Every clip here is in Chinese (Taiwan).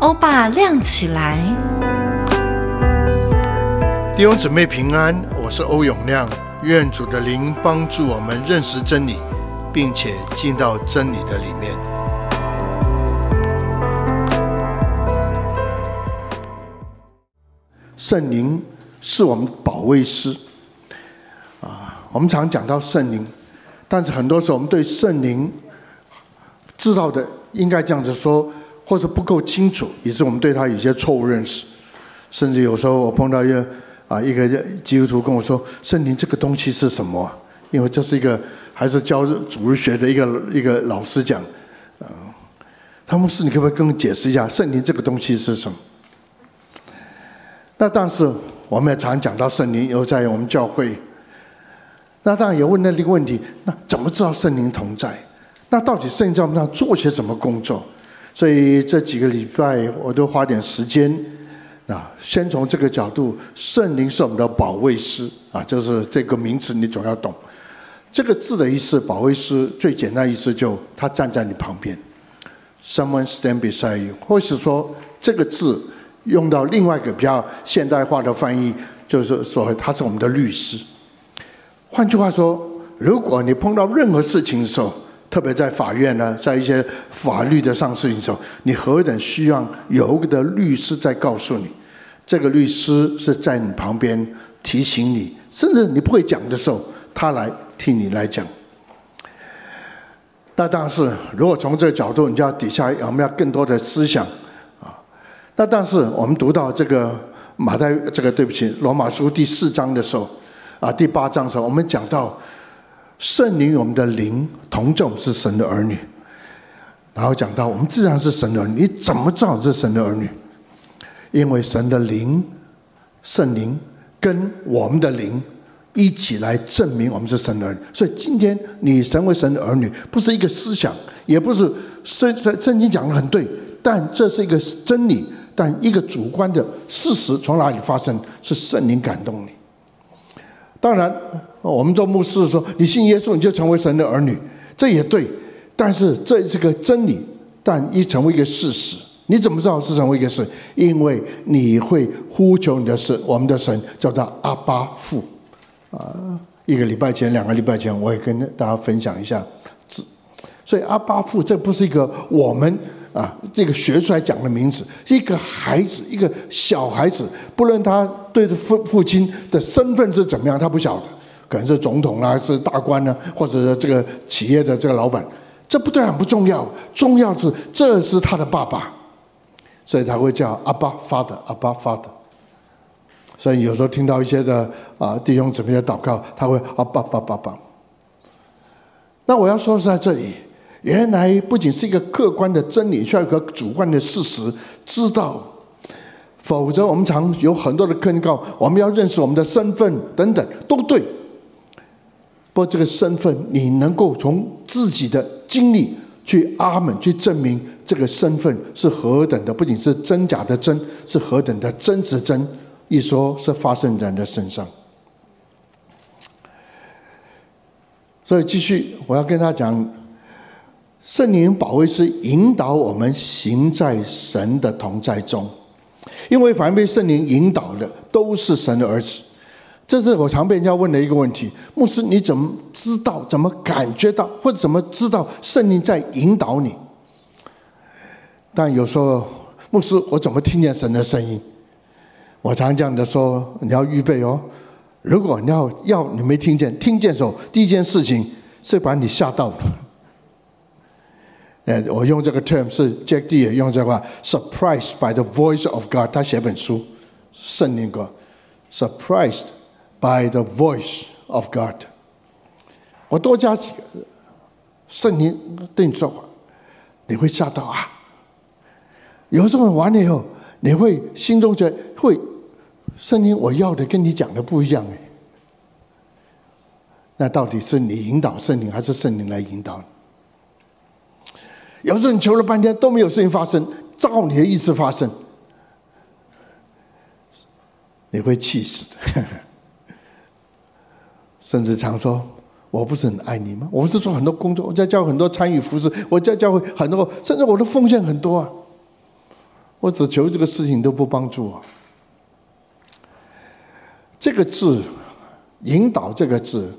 歐巴亮起來，弟兄姊妹平安，我是歐永亮，願主的靈幫助我們認識真理，並且進到真理的裡面。聖靈是我們保惠師啊，我們常講到聖靈，但是很多時候我們對聖靈知道的，應該這樣子說。或者不夠清楚，以致我們對他有些錯誤認識，甚至有時候我碰到一個啊，一個基督徒跟我說：“聖靈這個東西是什麼？”因為這是一個還是教主日學的一個一個老師講，啊、嗯，湯博士你可不可以跟我解釋一下聖靈這個東西是什麼？那但是我們也常講到聖靈以後在我們教會，那當然也問那一個問題，那怎麼知道聖靈同在？那到底聖靈在我們上做些什麼工作？所以這幾個禮拜我都花點時間，啊，先從這個角度，聖靈是我們的保惠師啊，就是這個名詞你總要懂，這個字的意思，保惠師最簡單意思就是他站在你旁邊，someone stand beside you，或是說這個字用到另外一個比較現代化的翻譯，就是說他是我們的律師。換句話說，如果你碰到任何事情的時候，特別在法院呢，在一些法律的上事情時候，你何等需要有一個律師在告訴你，這個律師是在你旁邊提醒你，甚至你不會講的時候，他來替你來講。那但是，如果從這個角度，你就要底下我們要更多的思想，啊，那但是我們讀到這個馬太這個對不起，羅馬書第四章的時候，啊，第八章的時候，我們講到。聖靈，與我們的靈同證是神的兒女。然後講到我們自然是神的兒女，你怎麼知道是神的兒女？因為神的靈、聖靈跟我們的靈一起來證明我們是神的兒女。所以今天你成為神的兒女，不是一個思想，也不是聖聖聖經講得很對，但這是一個真理，但一個主觀的事實從哪裡發生？是聖靈感動你。當然。哦，我們做牧師的時候，你信耶穌，你就成為神的兒女，這也對。但是這是個真理，但一成為一個事實。你怎麼知道是成為一個事？因為你會呼求你的神，我們的神叫做阿爸父。啊，一個禮拜前，兩個禮拜前，我也跟大家分享一下。這所以阿爸父，這不是一個我們啊，這個學出來講的名字，一個孩子，一個小孩子，不論他對父父親的身份是怎麼樣，他不曉得。可能是總統啦，啊，是大官呢，啊，或者是這個企業的這個老闆，這不對，很不重要。重要是，這是他的爸爸，所以他會叫阿爸 （father），阿爸 （father）。所以有時候聽到一些的啊弟兄姊妹的禱告，他會阿爸，爸，爸，爸。那我要說是在這裡，原來不僅是一個客觀的真理，需要一個主觀的事實知道，否則我們常有很多的控告。我們要認識我們的身份等等，都對。不，這個身份你能夠從自己的經歷去阿門，去證明這個身份是何等的，不僅是真假的真，是何等的真實真。一說是發生在人的身上，所以繼續我要跟他講，聖靈保惠師是引導我們行在神的同在中，因為凡被聖靈引導的都是神的兒子。這是我常被人家問的一個問題：牧師，你怎麼知道？怎麼感覺到？或者怎麼知道聖靈在引導你？但有時候，牧師，我怎麼聽見神的聲音？我常常講的說，你要預備哦。如果你要要你沒聽見，聽見的時候，第一件事情是把你嚇到了。呃，我用這個 term 是 Jack D 也用這個 surprised by the voice of God，他寫一本書，《聖靈歌》，surprised。By the voice of God，我多加幾個聖靈對你說話，你會嚇到啊！有時候你完了以後，你會心中覺得，會聖靈我要的跟你講的不一樣哎。那到底是你引導聖靈，還是聖靈來引導你？有時候你求了半天都沒有事情發生，照你的意思發生，你會氣死的。甚至常說：“我不是很愛你嗎？我不是做很多工作，我在教會很多參與服事，我在教會很多，甚至我的奉獻很多啊。我只求這個事情都不幫助我啊。”這個字引導這個字，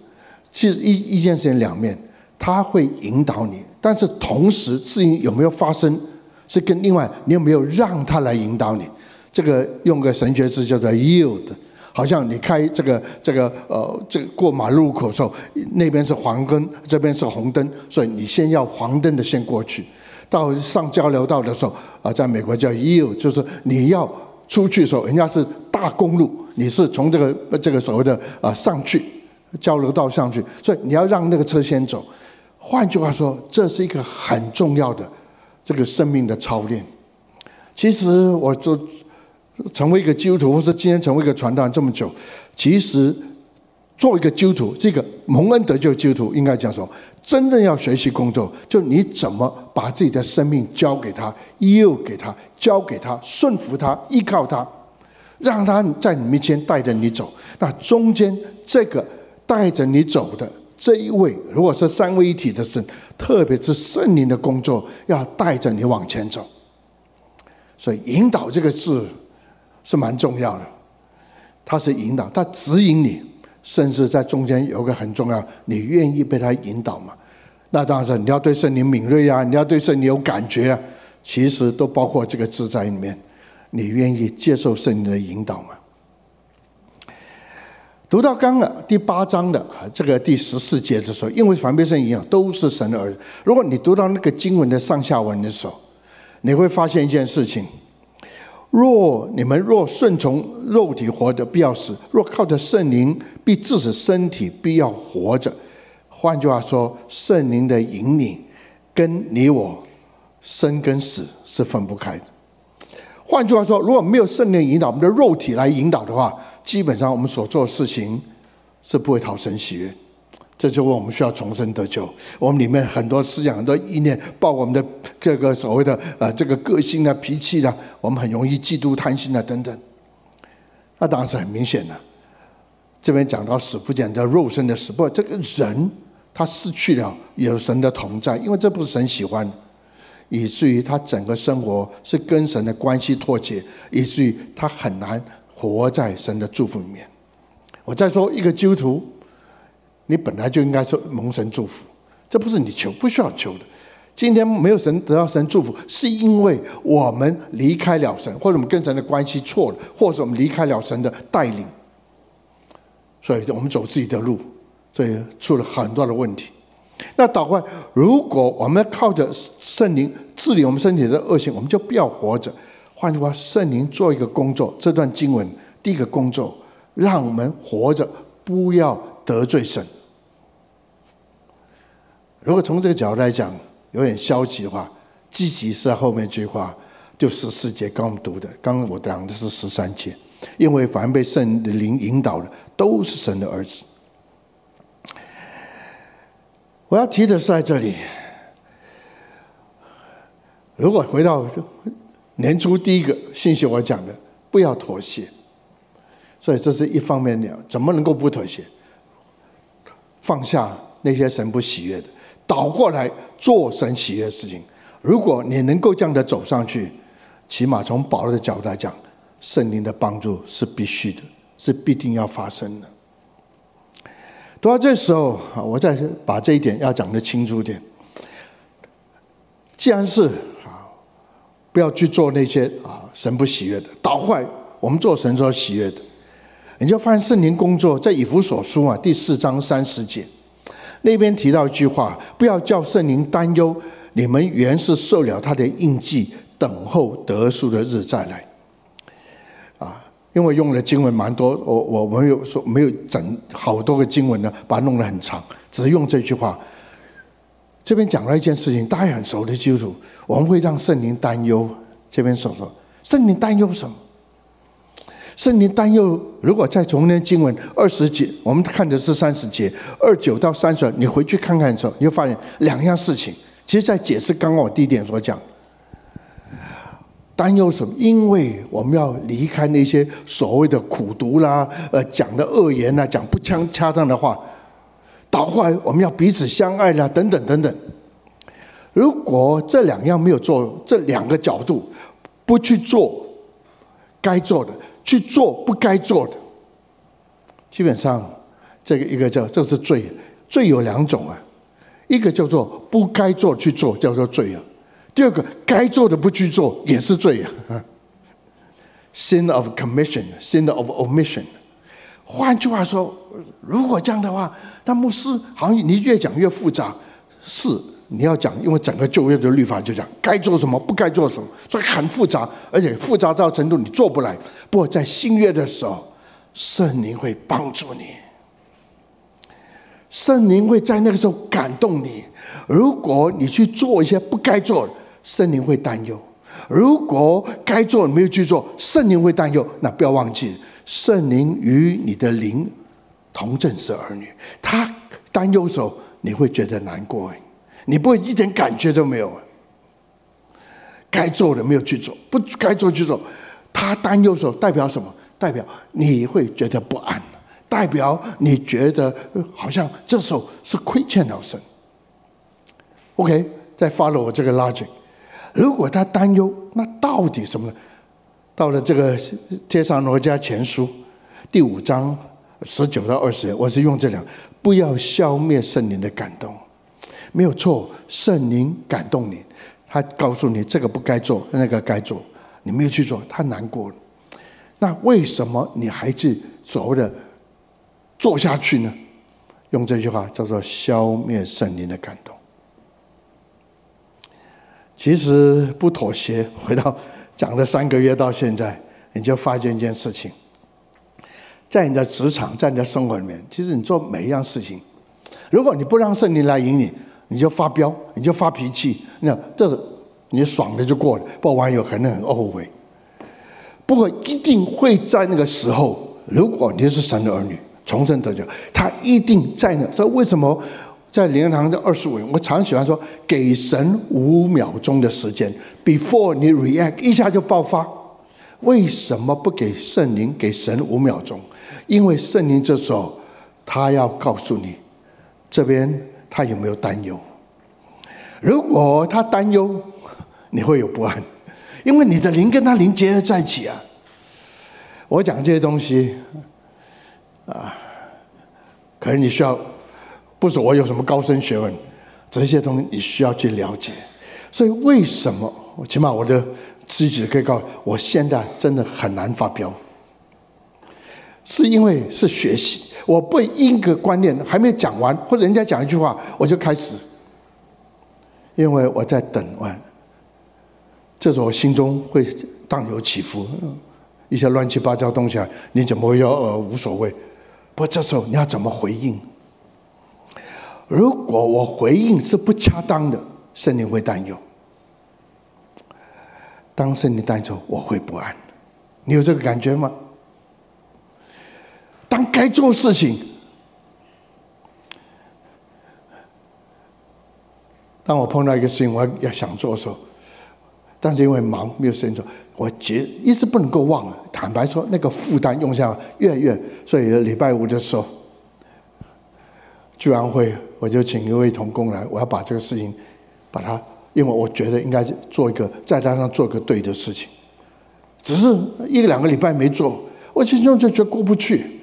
其實，一一件事情兩面，他會引導你，但是同時事情有沒有發生，是跟另外你有沒有讓他來引導你。這個用個神學字叫做 “yield”。好像你開這個這個呃，這個過馬路口的時候，那邊是黃燈，這邊是紅燈，所以你先要黃燈的先過去。到上交流道的時候，啊，在美國叫 yield，就是你要出去的時候，人家是大公路，你是從這個這個所謂的啊、呃、上去交流道上去，所以你要讓那個車先走。換句話說，這是一個很重要的這個生命的操練。其實我做。成為一個基督徒，或是今天成為一個傳道人這麼久，其實做一個基督徒，這個蒙恩得救的基督徒，應該講說，真正要學習工作，就你怎麼把自己的生命交給他，又給他，交給他，順服他，依靠他，讓他在你面前帶着你走。那中間這個帶着你走的這一位，如果是三位一體的神，特別是聖靈的工作，要帶着你往前走。所以引導這個字，是蠻重要的，他是引導，他指引你，甚至在中間有個很重要，你願意被他引導嗎？那當然，你要對聖靈敏銳啊，你要對聖靈有感覺，啊。其實都包括這個字在裡面。你願意接受聖靈的引導嗎？讀到剛的第八章的這個第十四節的時候，因為凡被聖靈影響，都是神的兒子。如果你讀到那個經文的上下文的時候，你會發現一件事情。若你們若順從肉體活着，必要死；若靠着聖靈，必治死身體必要活着。換句話說，聖靈的引領，跟你我生跟死是分不開的。換句話說，如果沒有聖靈引導，我們的肉體來引導的話，基本上我們所做的事情是不會討神喜悅。這就我們需要重生得救。我們裡面很多思想，很多意念，包括我們的這個所謂的呃這個個性啊、脾氣啊，我們很容易嫉妒、貪心的、啊、等等。那當然是很明顯的、啊。這邊講到死不見得肉身的死，不見得這個人他失去了有神的同在，因為這不是神喜歡的，以至於他整個生活是跟神的關係脫節，以至於他很難活在神的祝福裡面。我再說一個基督徒。你本來就應該是蒙神祝福，這不是你求，不需要求的。今天沒有神，得到神祝福，是因為我們離開了神，或者我們跟神的關係錯了，或者我們離開了神的帶領，所以我們走自己的路，所以出了很多的問題。那導會，如果我們靠着聖靈治理我們身體的惡行，我們就不要活着。換句話，聖靈做一個工作，這段經文第一個工作，讓我們活着，不要。得罪神。如果從這個角度來講，有點消極的話，積極是後面這句話，就十四節剛讀的，剛剛我講的是十三節，因為凡被聖靈引導的，都是神的兒子。我要提的是在這裡，如果回到年初第一個信息，我講的不要妥協，所以這是一方面的，怎麼能夠不妥協？放下那些神不喜悅的，倒過來做神喜悅的事情。如果你能夠這樣的走上去，起碼從保羅的角度來講，聖靈的幫助是必須的，是必定要發生的。到這時候啊，我再把這一點要講得清楚一點。既然是啊，不要去做那些啊神不喜悅的，倒壞我們做神所喜悅的。你就發現聖靈工作在以弗所書啊第四章三十節，那邊提到一句話：不要叫聖靈擔憂，你們原是受了他的印記，等候得贖的日子再來。啊，因為用了經文蠻多，我我沒有說沒有整好多個經文呢，把它弄得很長，只用這句話。這邊講了一件事情，大家很熟的基礎，我們會讓聖靈擔憂。這邊所說，說，聖靈擔憂什麼？聖靈擔憂，如果再重溫經文二十節，我們看的是三十節二九到三十二，你回去看看的時候，你會發現兩樣事情。其實，在解釋剛剛我第一點所講，擔憂什麼？因為我們要離開那些所謂的苦毒啦，呃，講的惡言吶、啊，講不相恰當的話，倒過來我們要彼此相愛啦，等等等等。如果這兩樣沒有做，這兩個角度不去做該做的。去做不該做的，基本上這個一個叫這是罪，罪有兩種啊，一個叫做不該做去做叫做罪啊，第二個該做的不去做也是罪啊。啊。Sin of commission，sin of omission。換句話說，如果這樣的話，那牧師好像你越講越複雜，是。你要講，因為整個舊約的律法就講該做什麼，不該做什麼，所以很複雜，而且複雜到程度你做不來。不過在新約的時候，聖靈會幫助你，聖靈會在那個時候感動你。如果你去做一些不該做，聖靈會擔憂；如果該做沒有去做，聖靈會擔憂。那不要忘記，聖靈與你的靈同證是兒女，他擔憂的時候你會覺得難過。你不會一點感覺都沒有？啊。該做的沒有去做，不該做去做。他擔憂的時候代表什麼？代表你會覺得不安，代表你覺得好像這時候是虧欠了神。OK，再 follow 我這個 logic。如果他擔憂，那到底什麼呢？到了這個帖撒羅尼迦前書第五章十九到二十，我是用這兩，不要消滅聖靈的感動。沒有錯，聖靈感動你，他告訴你這個不該做，那個該做，你沒有去做，他難過了。那為什麼你還是所謂的做下去呢？用這句話叫做消滅聖靈的感動。其實不妥協，回到講了三個月到現在，你就發現一件事情，在你的職場，在你的生活裡面，其實你做每一樣事情，如果你不讓聖靈來引領你，你就發飆，你就發脾氣，那這你爽的就過了。爆完以後可能很後悔，不過一定會在那個時候，如果你是神的兒女，重生得救，他一定在那。所以為什麼在靈堂的二十五年，我常喜歡說，給神五秒鐘的時間，before 你 react 一下就爆發。為什麼不給聖靈給神五秒鐘？因為聖靈這時候他要告訴你這邊。他有沒有擔憂？如果他擔憂，你會有不安，因為你的靈跟他靈結合在一起啊。我講這些東西，啊，可能你需要，不是我有什麼高深學問，這些東西你需要去了解。所以為什麼？起碼我的妻子可以告訴我，我現在真的很難發飆。是因為是學習，我不一個觀念還沒講完，或者人家講一句話，我就開始，因為我在等啊。這時候我心中會荡有起伏，一些亂七八糟東西，你怎麼要無所謂？不這時候你要怎麼回應？如果我回應是不恰當的，聖靈會擔憂。當聖靈擔憂，我會不安。你有這個感覺嗎？當該做事情，當我碰到一個事情，我要想做的時候，但是因為忙沒有時間做，我絕一直不能夠忘了。坦白說，那個負擔用下越來越，所以禮拜五的時候居安會，我就請一位同工來，我要把這個事情把它，因為我覺得應該做一個，在當上做個對的事情，只是一個兩個禮拜沒做，我心中就覺得過不去。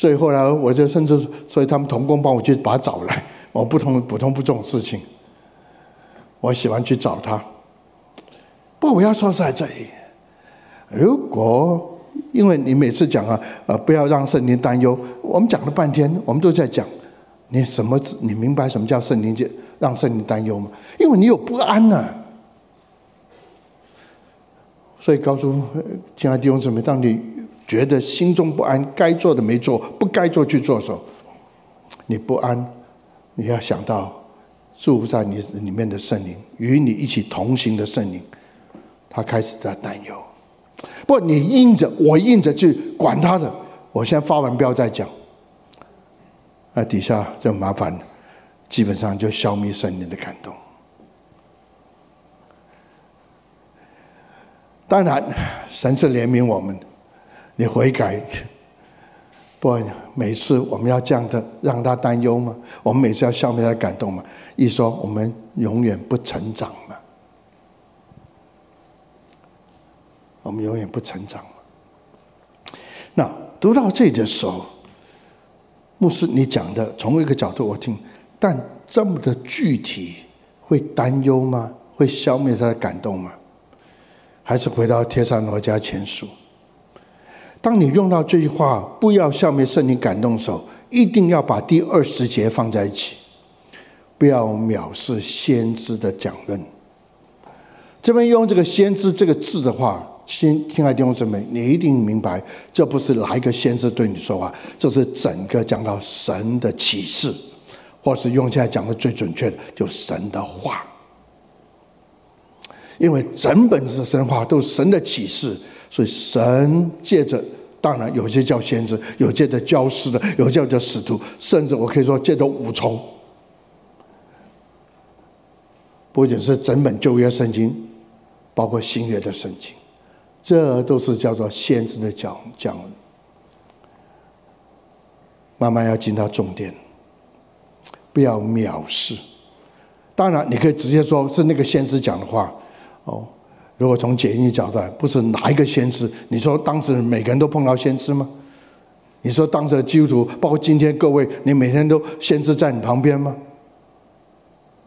所以後來，我就甚至，所以他們同工幫我去把他找來。我不同不同不這種事情，我喜歡去找他。不，我要說實在這裡，如果因為你每次講啊，不要讓聖靈擔憂。我們講了半天，我們都在講，你什麼？你明白什麼叫聖靈？就讓聖靈擔憂嗎？因為你有不安吶、啊。所以告訴親愛的弟兄姊妹，當你。覺得心中不安，該做的沒做，不該做去做，時候你不安，你要想到，住在你裡面的聖靈，與你一起同行的聖靈，他開始在擔憂。不，你硬着我硬着去管他的，我先發完飆再講。那底下就麻煩了，基本上就消滅聖靈的感動。當然，神是憐憫我們的。你悔改，不，每次我們要這樣的讓他擔憂嗎？我們每次要消滅他的感動嗎？意思說我們永遠不成長嗎？我們永遠不成長嗎？那讀到這裡的時候，牧師你講的從一個角度我聽，但這麼的具體會擔憂嗎？會消滅他的感動嗎？還是回到帖撒羅尼迦前書。當你用到這句話，不要消滅聖靈感動的時候，一定要把第二十節放在一起，不要藐視先知的講論。這邊用這個“先知”這個字的話，親愛的弟兄姊妹，你一定明白，這不是哪一個先知對你說話，這是整個講到神的啟示，或是用現在講的最準確的，就神的話。因為整本是神話，都是神的啟示。所以神借着當然有些叫先知，有些的教師的，有些叫使徒，甚至我可以說借着五重，不僅是整本舊約聖經，包括新約的聖經，這都是叫做先知的講講。慢慢要進到重點，不要藐視。當然你可以直接說是那個先知講的話，哦。如果從簡易角度，不是哪一個先知。你說當時每個人都碰到先知嗎？你說當時的基督徒，包括今天各位，你每天都先知在你旁邊嗎？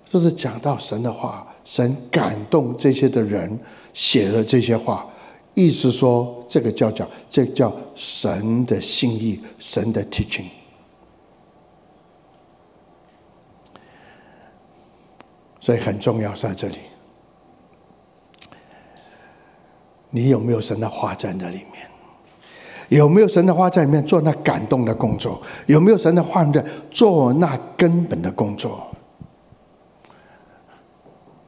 這是講到神的話，神感動這些的人寫了這些話，意思說這個叫講，這個叫神的心意，神的 teaching。所以很重要在這裡。你有沒有神的話在那裡面？有沒有神的話在裡面做那感動的工作？有沒有神的話在那做那根本的工作？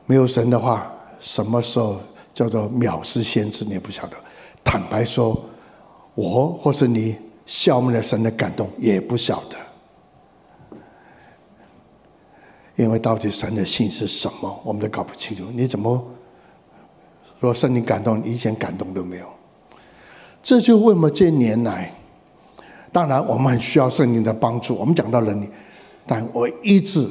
沒有神的話，什麼時候叫做藐視先知？你也不曉得。坦白說，我或是你消滅了神的感動，也不曉得。因為到底神的心是什麼，我們都搞不清楚。你怎麼？若聖靈感動，你一點感動都沒有，這就為什麼這年來，當然我們很需要聖靈的幫助。我們講到能力，但我一直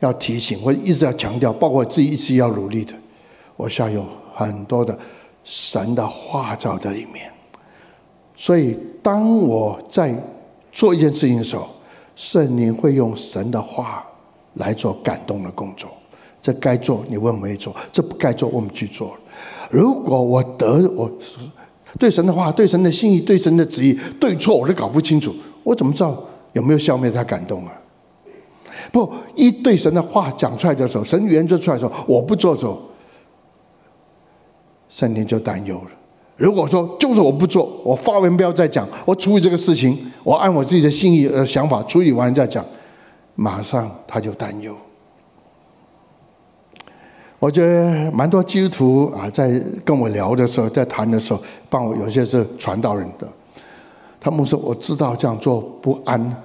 要提醒，我一直要強調，包括我自己一直要努力的。我需要有很多的神的話照在裡面，所以當我在做一件事情的時候，聖靈會用神的話來做感動的工作。這該做，你問我沒做；這不該做，我們去做。如果我得我是對神的話、對神的心意、對神的旨意對錯，我都搞不清楚，我怎麼知道有沒有消滅他感動啊？不，一對神的話講出來的時候，神原則出來的時候，我不做的時候，聖靈就擔憂了。如果說就是我不做，我發文不要再講，我處理這個事情，我按我自己的心意呃想法處理完再講，馬上他就擔憂。我覺得蠻多基督徒啊，在跟我聊的時候，在談的時候，幫我有些是傳道人的，他們說我知道這樣做不安，啊，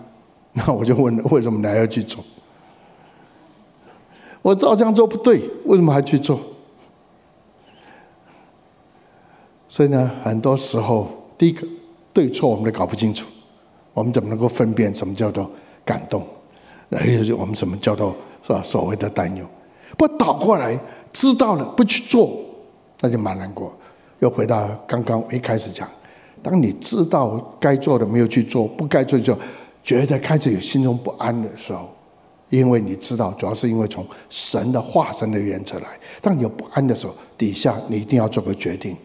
那我就問了，為什麼你還要去做？我知道這樣做不對，為什麼還去做？所以呢，很多時候，第一個對錯我們都搞不清楚，我們怎麼能夠分辨什麼叫做感動，還有我們什麼叫做所謂的擔憂？不倒過來，知道了不去做，那就蠻難過。又回到剛剛一開始講，當你知道該做的沒有去做，不該做就覺得開始有心中不安的時候，因為你知道，主要是因為從神的化身的原則來。當你有不安的時候，底下你一定要做個決定：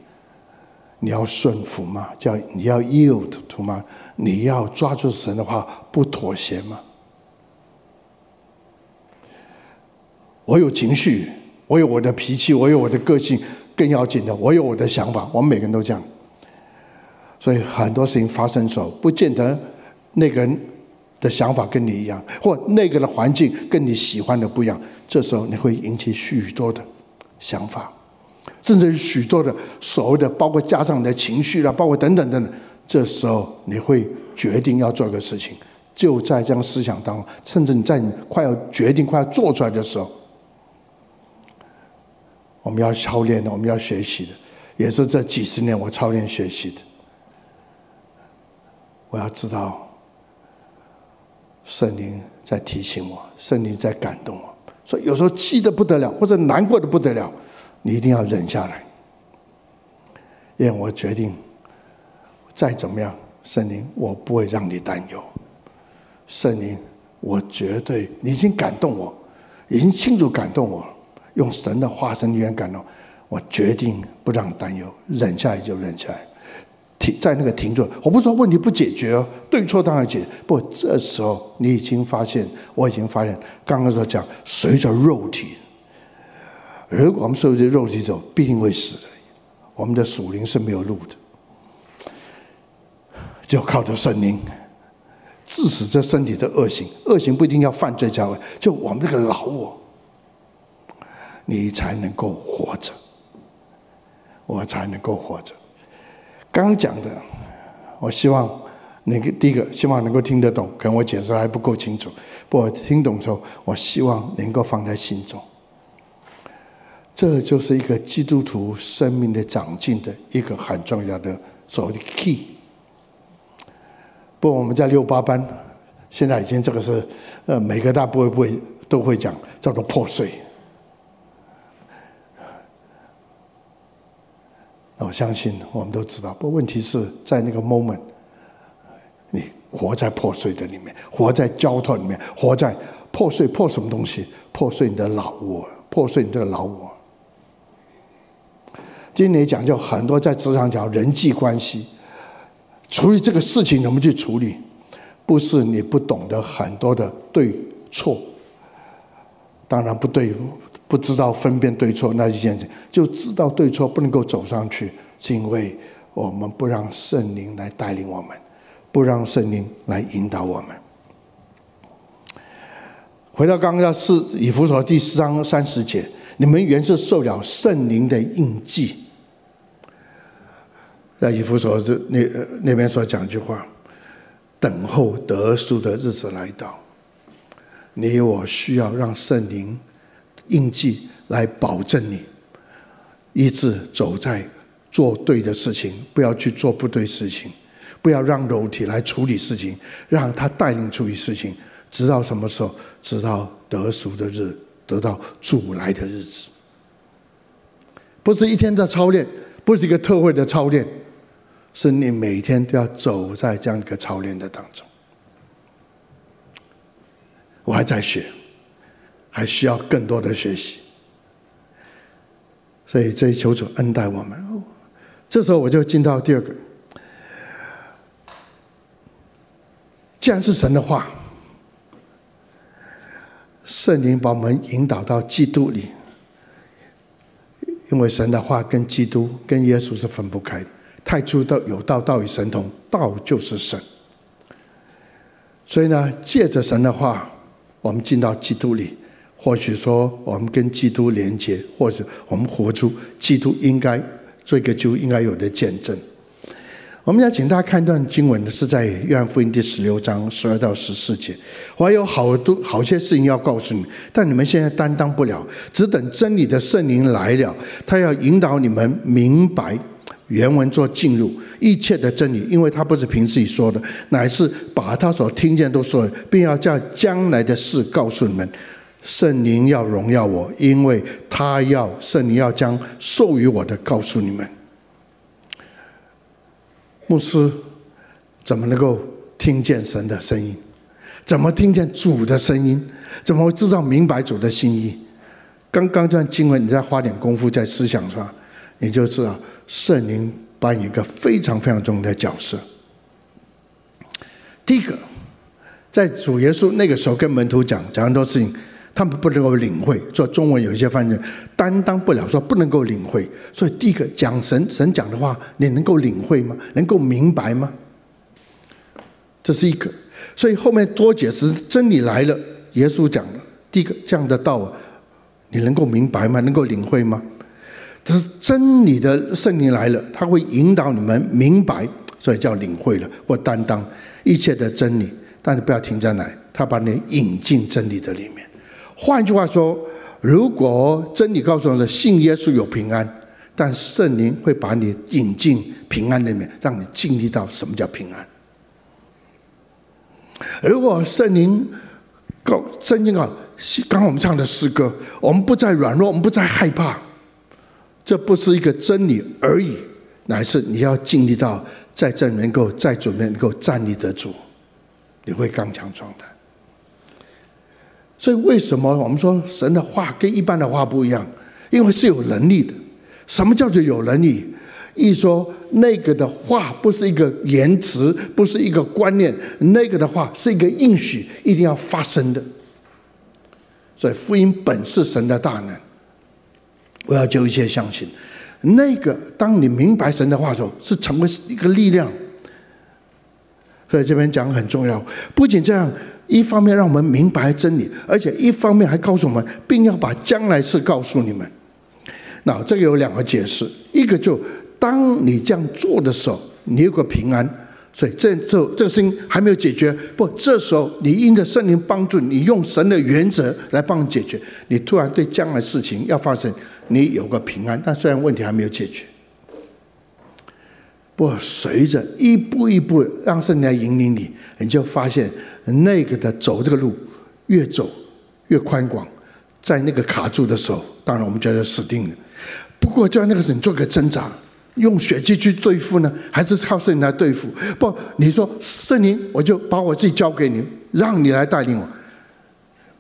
你要順服嗎？叫你要 yield to 嗎？你要抓住神的話，不妥協嗎？我有情緒，我有我的脾氣，我有我的個性，更要緊的，我有我的想法。我們每個人都這樣，所以很多事情發生的時候，不見得那個人的想法跟你一樣，或那個的環境跟你喜歡的不一樣，這時候你會引起許多的想法，甚至許多的所謂的包括加上你的情緒了、啊，包括等等等等。這時候你會決定要做一個事情，就在這樣思想當中，甚至你在你快要決定、快要做出來的時候。我們要操練的，我們要學習的，也是這幾十年我操練學習的。我要知道，聖靈在提醒我，聖靈在感動我，所以有時候氣的不得了，或者難過的不得了，你一定要忍下來。因為我決定，再怎麼樣，聖靈，我不會讓你擔憂。聖靈，我絕對，你已經感動我，已經清楚感動我。用神的化身的原感動，我決定不讓擔憂，忍下來就忍下來，停在那個停住。我不說問題不解決哦，對錯當然解決，不，這時候你已經發現，我已經發現，剛剛說講，隨着肉體，如果我們隨着肉體走，必定會死的。我們的屬靈是沒有路的，就靠着聖靈，致使這身體的惡行。惡行不一定要犯罪才會，就我們這個老我。你才能夠活着，我才能夠活着。剛講的，我希望那個第一個希望能夠聽得懂，可能我解釋還不夠清楚。不過聽懂之後，我希望能夠放在心中。這就是一個基督徒生命的長進的一個很重要的所謂的 key。不過我們在六八班現在已經這個是，呃，每個大部會都會都會講叫做破碎。我相信我們都知道，不過，問題是在那個 moment，你活在破碎的裡面，活在焦頭裡面，活在破碎，破什麼東西？破碎你的老我，破碎你的老我。今年講就很多，在職場講人際關係，處理這個事情怎麼去處理？不是你不懂得很多的對錯，當然不對不知道分辨對錯那一件事，就知道對錯不能夠走上去，是因為我們不讓聖靈來帶領我們，不讓聖靈來引導我們。回到剛剛的四以弗所第四章三十節，你們原是受了聖靈的印記。在以弗所這，那那邊所講一句話，等候得贖的日子來到，你我需要讓聖靈。印記來保證你，一直走在做對的事情，不要去做不對事情，不要讓肉體來處理事情，讓它帶領處理事情，直到什麼時候，直到得贖的日，得到主來的日子。不是一天的操練，不是一個特會的操練，是你每天都要走在這樣一個操練的當中。我還在學。還需要更多的學習，所以這一求主恩待我們。這時候我就進到第二個，既然是神的話，聖靈把我們引導到基督裡，因為神的話跟基督、跟耶穌是分不開的。太初道有道，道與神同，道就是神。所以呢，借着神的話，我們進到基督裡。或許說，我們跟基督連接，或是我們活出基督應該這個就應該有的見證。我們要請大家看一段經文，是在約翰福音第十六章十二到十四節。我還有好多好些事情要告訴你，但你們現在擔當不了，只等真理的聖靈來了，他要引導你們明白原文作進入一切的真理，因為他不是憑自己說的，乃是把他所聽見都說，並要叫將來的事告訴你們。聖靈要榮耀我，因為他要，聖靈要將授予我的告訴你們。牧師怎麼能夠聽見神的聲音？怎麼聽見主的聲音？怎麼會知道明白主的心意？剛剛這段經文，你再花點功夫在思想上，你就知道聖靈扮演一個非常非常重要的角色。第一個，在主耶穌那個時候跟門徒講，講很多事情。他們不能夠領會，說中文有一些翻譯擔當不了，說不能夠領會。所以第一個講神神講的話，你能夠領會嗎？能夠明白嗎？這是一個。所以後面多解釋真理來了，耶穌講了第一個這樣的道，你能夠明白嗎？能夠領會嗎？這是真理的聖靈來了，他會引導你們明白，所以叫領會了或擔當一切的真理。但是不要停在那裡，他把你引進真理的裡面。換句話說，如果真理告訴我們的，信耶穌有平安，但聖靈會把你引進平安裡面，讓你經歷到什麼叫平安。如果聖靈告，聖經告，剛剛我們唱的詩歌，我們不再軟弱，我們不再害怕，這不是一個真理而已，乃是你要經歷到，在這裡能夠，在這面能夠站立得住，你會剛強壯的。所以，為什麼我們說神的話跟一般的話不一樣？因為是有能力的。什麼叫做有能力？一說那個的話，不是一個言辭，不是一個觀念，那個的話是一個應許，一定要發生的。所以福音本是神的大能。我要救一切相信，那個當你明白神的話的時候，是成為一個力量。所以這邊講很重要。不僅這樣。一方面讓我們明白真理，而且一方面還告訴我們，並要把將來事告訴你們。那這個有兩個解釋：一個就當你這樣做的時候，你有個平安；所以這這這個事情還沒有解決。不，這時候你因着聖靈幫助，你用神的原則來幫你解決。你突然對將來事情要發生，你有個平安。但雖然問題還沒有解決，不，隨着一步一步讓聖靈來引領你，你就發現。那個的走這個路越走越寬廣，在那個卡住的時候，當然我們覺得死定了。不過叫那個時候你做個掙扎，用血氣去對付呢，還是靠聖靈來對付？不，你說聖靈，我就把我自己交給你，讓你來帶領我。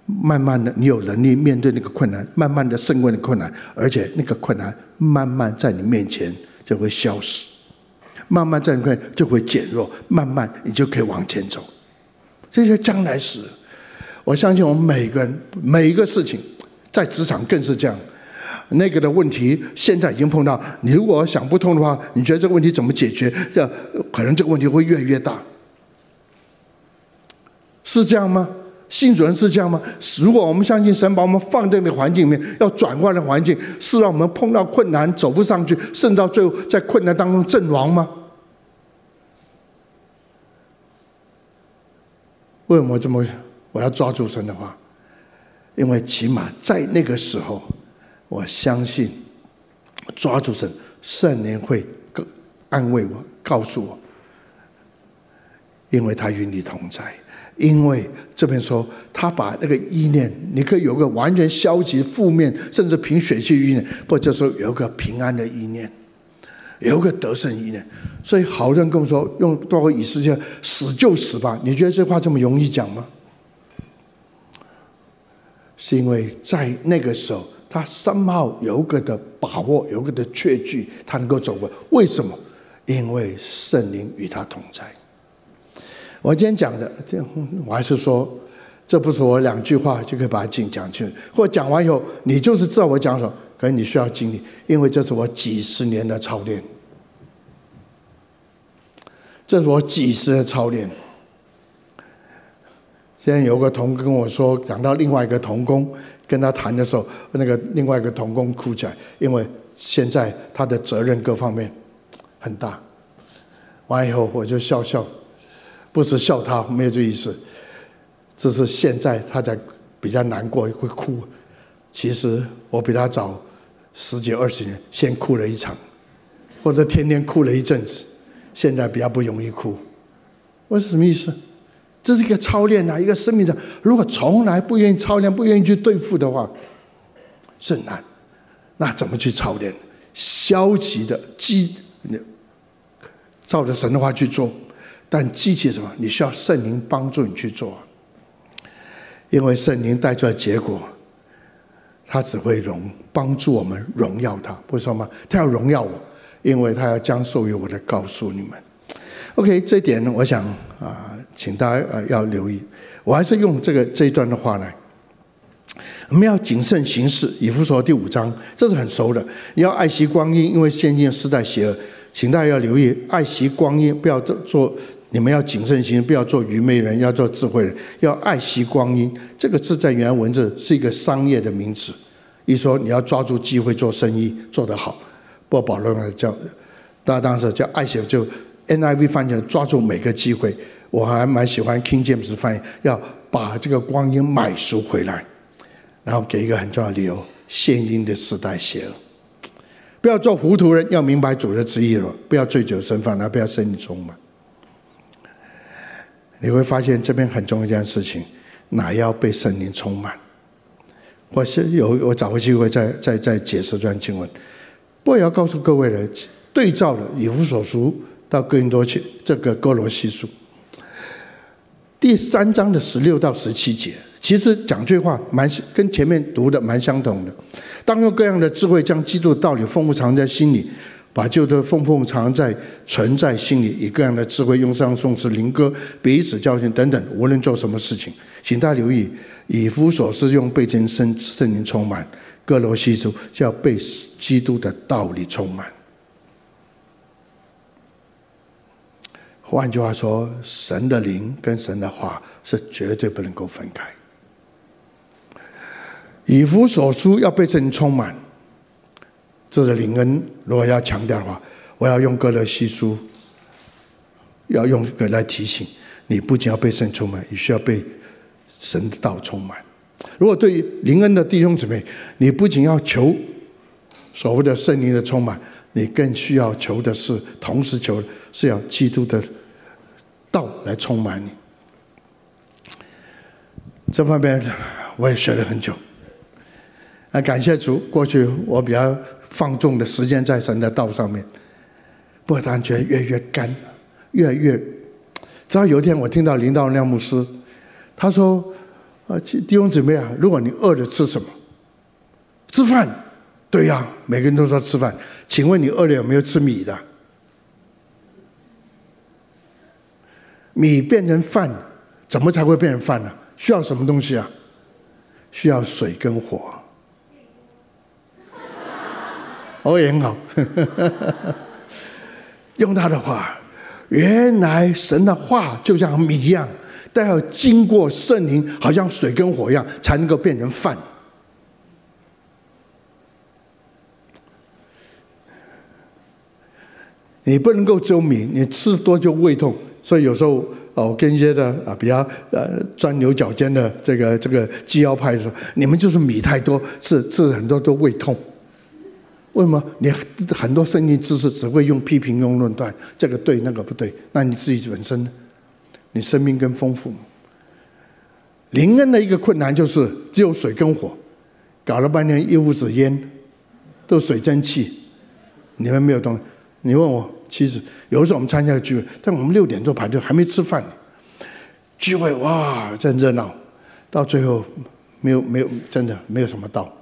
慢慢的，你有能力面對那個困難，慢慢的勝過那困難，而且那個困難慢慢在你面前就會消失，慢慢在你面前就會減弱，慢慢你就可以往前走。這些將來時，我相信我們每個人每一個事情，在職場更是這樣。那個的問題現在已經碰到，你如果想不通的話，你覺得這個問題怎麼解決？這樣可能這個問題會越來越大，是這樣嗎？信主人是這樣嗎？如果我們相信神，把我們放在那個環境裡面，要轉換的環境，是讓我們碰到困難走不上去，甚至到最後在困難當中陣亡嗎？為什麼這麼我要抓住神的話？因為起碼在那個時候，我相信抓住神，聖靈會告安慰我，告訴我，因為他與你同在。因為這邊說，他把那個意念，你可以有個完全消極、負面，甚至憑血氣的意念，或者說有個平安的意念。有一個得勝意念，所以好人跟我說，用多個語詞叫“死就死吧”。你覺得這話這麼容易講嗎？是因為在那個時候，他身後有個的把握，有個的確據，他能夠走過。為什麼？因為聖靈與他同在。我今天講的，我還是說，這不是我兩句話就可以把經講清楚，或者講完以後，你就是知道我講什麼。可能你需要經歷，因為這是我幾十年的操練。這是我幾十年操練。現在有個同工跟我說，講到另外一個同工，跟他談的時候，那個另外一個同工哭起來，因為現在他的責任各方面很大。完了以後我就笑笑，不是笑他，沒有這個意思，只是現在他才比較難過會哭。其實我比他早十幾二十年先哭了一場，或者天天哭了一陣子。現在比較不容易哭，我說什麼意思？這是一個操練啊，一個生命的。如果從來不願意操練，不願意去對付的話，是很難。那怎麼去操練？消極的、積，照着神的話去做，但積極什麼？你需要聖靈幫助你去做，因為聖靈帶出來結果，他只會榮幫助我們榮耀他，不是說嗎？他要榮耀我。因為他要將受於我來告訴你們，OK，這點呢，我想啊，請大家啊要留意。我還是用這個這一段的話來。我們要謹慎行事，以弗所第五章，這是很熟的。你要愛惜光陰，因為現今世代邪惡，請大家要留意，愛惜光陰，不要做做。你們要謹慎行事，不要做愚昧人，要做智慧人。要愛惜光陰，這個字在原文字是一個商業的名詞，一說你要抓住機會做生意，做得好。我保留了叫，大家當時叫艾就 NIV 翻譯抓住每個機會，我還蠻喜歡 King James 翻譯要把這個光陰買贖回來，然後給一個很重要的理由：現今的時代邪惡，不要做糊塗人，要明白主的旨意了。不要醉酒生犯，那不要聖靈充滿。你會發現這邊很重要一件事情，哪要被聖靈充滿？我是有我找個機會再再再解釋這段經文。不也要告訴各位了，對照了以弗所書到哥林多去，這個歌羅西書第三章的十六到十七節，其實講這話蠻跟前面讀的蠻相同的。當用各樣的智慧將基督的道理豐富藏在心裡，把舊的豐富藏在存在心裡，以各樣的智慧用上頌詩、靈歌，彼此教訓等等，無論做什麼事情，請大家留意，以弗所思，用被經聖聖靈充滿。歌羅西書就要被基督的道理充滿。換句話說，神的靈跟神的話是絕對不能夠分開。以弗所書要被神充滿。這個靈恩如果要強調的話，我要用歌羅西書，要用這個來提醒你，不僅要被神充滿，也需要被神的道充滿。如果對於靈恩的弟兄姊妹，你不僅要求所謂的聖靈的充滿，你更需要求的是同時求的是要基督的道來充滿你。這方面我也學了很久，那感謝主！過去我比較放縱的時間在神的道上面，不但覺得越越乾，越越，直到有一天我聽到林道亮牧師，他說。啊，弟兄姊妹啊，如果你餓了，吃什麼？吃飯，對呀，啊，每個人都說吃飯。請問你餓了有沒有吃米的？米變成飯，怎麼才會變成飯呢？啊？需要什麼東西啊？需要水跟火。哦， oh, 也很好， 用他的話，原來神的話就像米一樣。但要經過聖靈，好像水跟火一樣，才能夠變成飯。你不能夠吃米，你吃多就胃痛。所以有時候，哦，我跟一些的啊比較呃鑽牛角尖的這個這個基要派說，你們就是米太多，吃吃很多都胃痛。為什麼？你很多聖經知識只會用批評用論斷，這個對那個不對？那你自己本身呢？你生命更豐富。靈恩的一個困難就是只有水跟火，搞了半天一屋子煙，都是水蒸氣。你們沒有東西。你問我，其實有時候我們參加了聚會，但我們六點多排隊還沒吃飯呢。聚會哇，真熱鬧，到最後沒有沒有，真的沒有什麼道。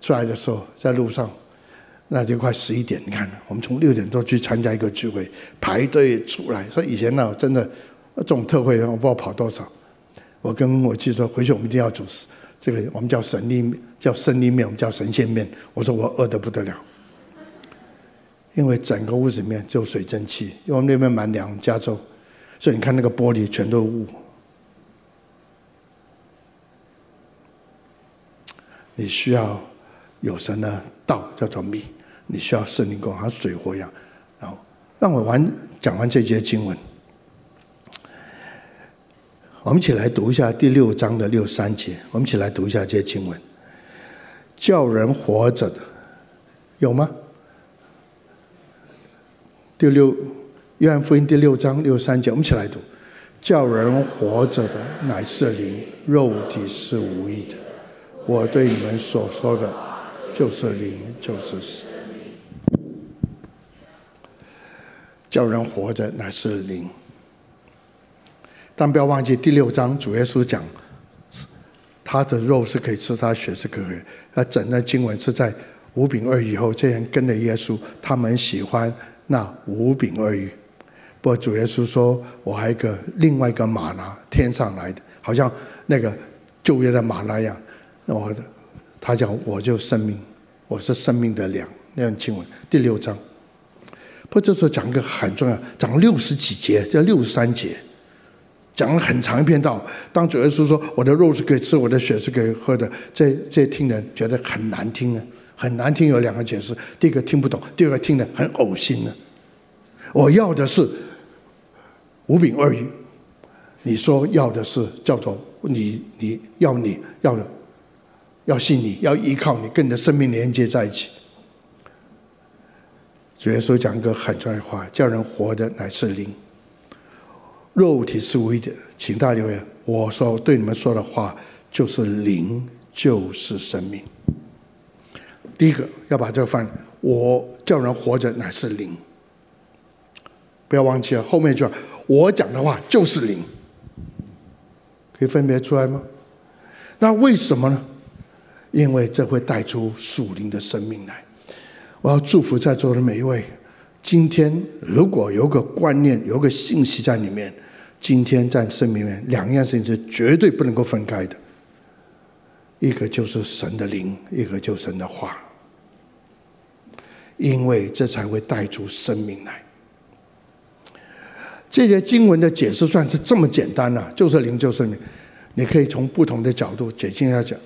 出來的時候在路上。那就快十一點，你看，我們從六點多去參加一個聚會，排隊出來。所以以前呢，真的這種特會，我不知道跑多少。我跟我去說，回去我們一定要煮，這個我們叫神力麵，我們叫神仙麵。我說我餓得不得了，因為整個屋子裡面只有水蒸氣，因為我們那邊蠻涼，加州，所以你看那個玻璃全都是霧。你需要有神的道，叫做密。你需要聖靈工、啊，像水火一樣。然後，讓我完講完這節經文，我們一起來讀一下第六章的六三節。我們一起來讀一下這些經文：叫人活着的，有嗎？第六約翰福音第六章六三節，我們一起來讀：叫人活着的乃是靈，肉體是無益的。我對你們所說的就是靈，就是神。叫人活着乃是靈，但不要忘記第六章主耶穌講，他的肉是可以吃，他的血是可以。那整個經文是在五餅二魚後，這人跟着耶穌，他們喜歡那五餅二魚。不過主耶穌說，我還有個另外一個馬拿天上來的，好像那個舊約的馬拉一樣那樣。我他講我就生命，我是生命的糧。那經文第六章。我這時候講一個很重要，講六十幾節，這六十三節，講了很長一篇道。當主耶穌說：“我的肉是可以吃，我的血是可以喝的。”這這聽人覺得很難聽呢，很難聽。有兩個解釋：第一個聽不懂，第二個聽的很噁心呢。我要的是五餅二魚，你說要的是叫做你，你要你，要要信你，要依靠你，跟你的生命連接在一起。主耶穌講一個很重要的話，叫人活着乃是靈，肉體是無益的。請大家留意，我所對你們說的話就是靈，就是生命。第一個要把這個放，我叫人活着乃是靈，不要忘記了後面一句，我講的話就是靈，可以分別出來嗎？那為什麼呢？因為這會帶出屬靈的生命來。我要祝福在座的每一位。今天如果有個觀念、有個信息在裡面，今天在生命裡面，兩樣東西是絕對不能夠分開的。一個就是神的靈，一個就是神的話，因為這才會帶出生命來。這些經文的解釋算是這麼簡單了、啊，就是靈就是命。你可以從不同的角度解經來講，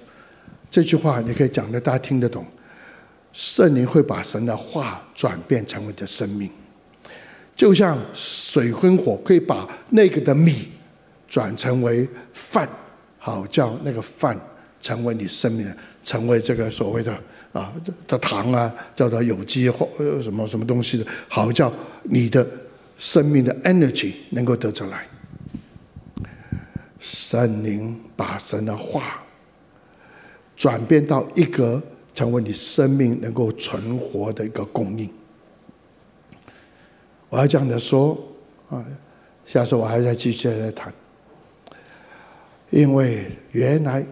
這句話你可以講的大家聽得懂。聖靈會把神的話轉變成為的生命，就像水跟火可以把那個的米轉成為飯，好叫那個飯成為你生命的，成為這個所謂的啊的糖啊，叫做有機或什麼什麼東西的，好叫你的生命的 energy 能夠得出來。聖靈把神的話轉變到一個。成為你生命能夠存活的一個供應。我要這樣的說，啊，下次我還在繼續再來談。因為原來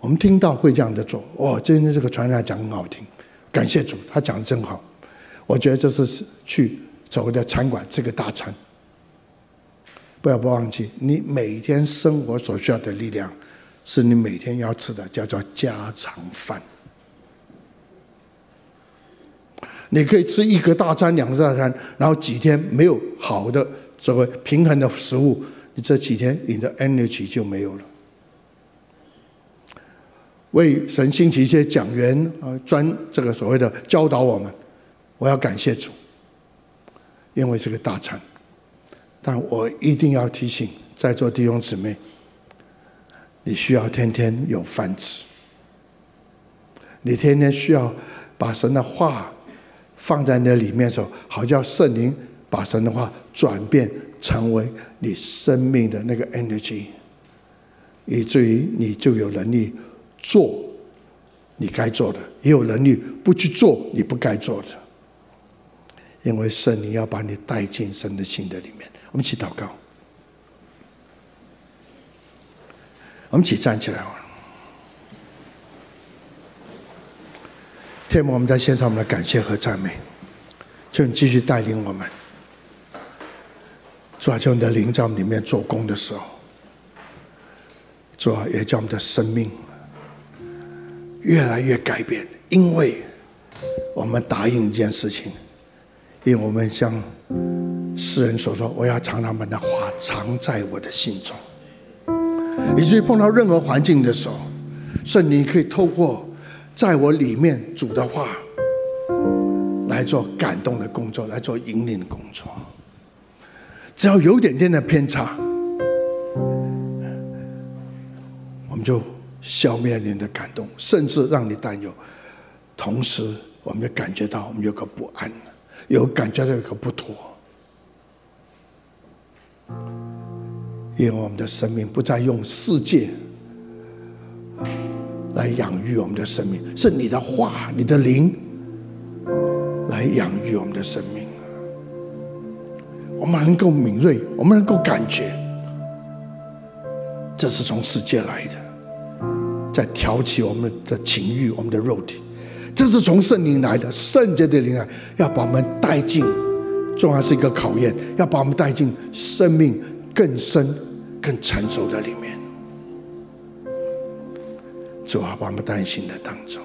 我們聽到會這樣的做，哦，今天這個傳講講很好聽，感謝主，他講的真好。我覺得這是去走的餐館吃個大餐，不要不忘記你每天生活所需要的力量。是你每天要吃的，叫做家常飯。你可以吃一個大餐，兩個大餐，然後幾天沒有好的這個平衡的食物，你這幾天你的 energy 就沒有了。為神興起一些講員啊，專這個所謂的教導我們，我要感謝主，因為是個大餐。但我一定要提醒在座弟兄姊妹。你需要天天有飯吃，你天天需要把神的話放在那裡面的時候，好叫聖靈把神的話轉變成為你生命的那個 energy，以至於你就有能力做你該做的，也有能力不去做你不該做的，因為聖靈要把你帶進神的心的裡面。我們一起禱告。我們一起站起來吧。天父，我們在獻上，我們的感謝和讚美，求你繼續帶領我們，主啊，求你的靈在我們裡面做工的時候，主啊，也叫我們的生命越來越改變，因為我們答應一件事情，因為我們像詩人所說，我要常常把那話藏在我的心中。以至於碰到任何環境的時候，甚至你可以透過在我裡面主的話來做感動的工作，來做引領的工作。只要有一點點的偏差，我們就消滅你的感動，甚至讓你擔憂。同時，我們就感覺到我們有個不安，有感覺到有個不妥。因為我們的生命不再用世界來養育我們的生命，是你的話、你的靈來養育我們的生命。我們能夠敏銳，我們能夠感覺，這是從世界來的，在挑起我們的情慾、我們的肉體；這是從聖靈來的，聖潔的靈啊，要把我們帶進，重要是一個考驗，要把我們帶進生命更深。更成熟在裡面，做好我們擔心的當中。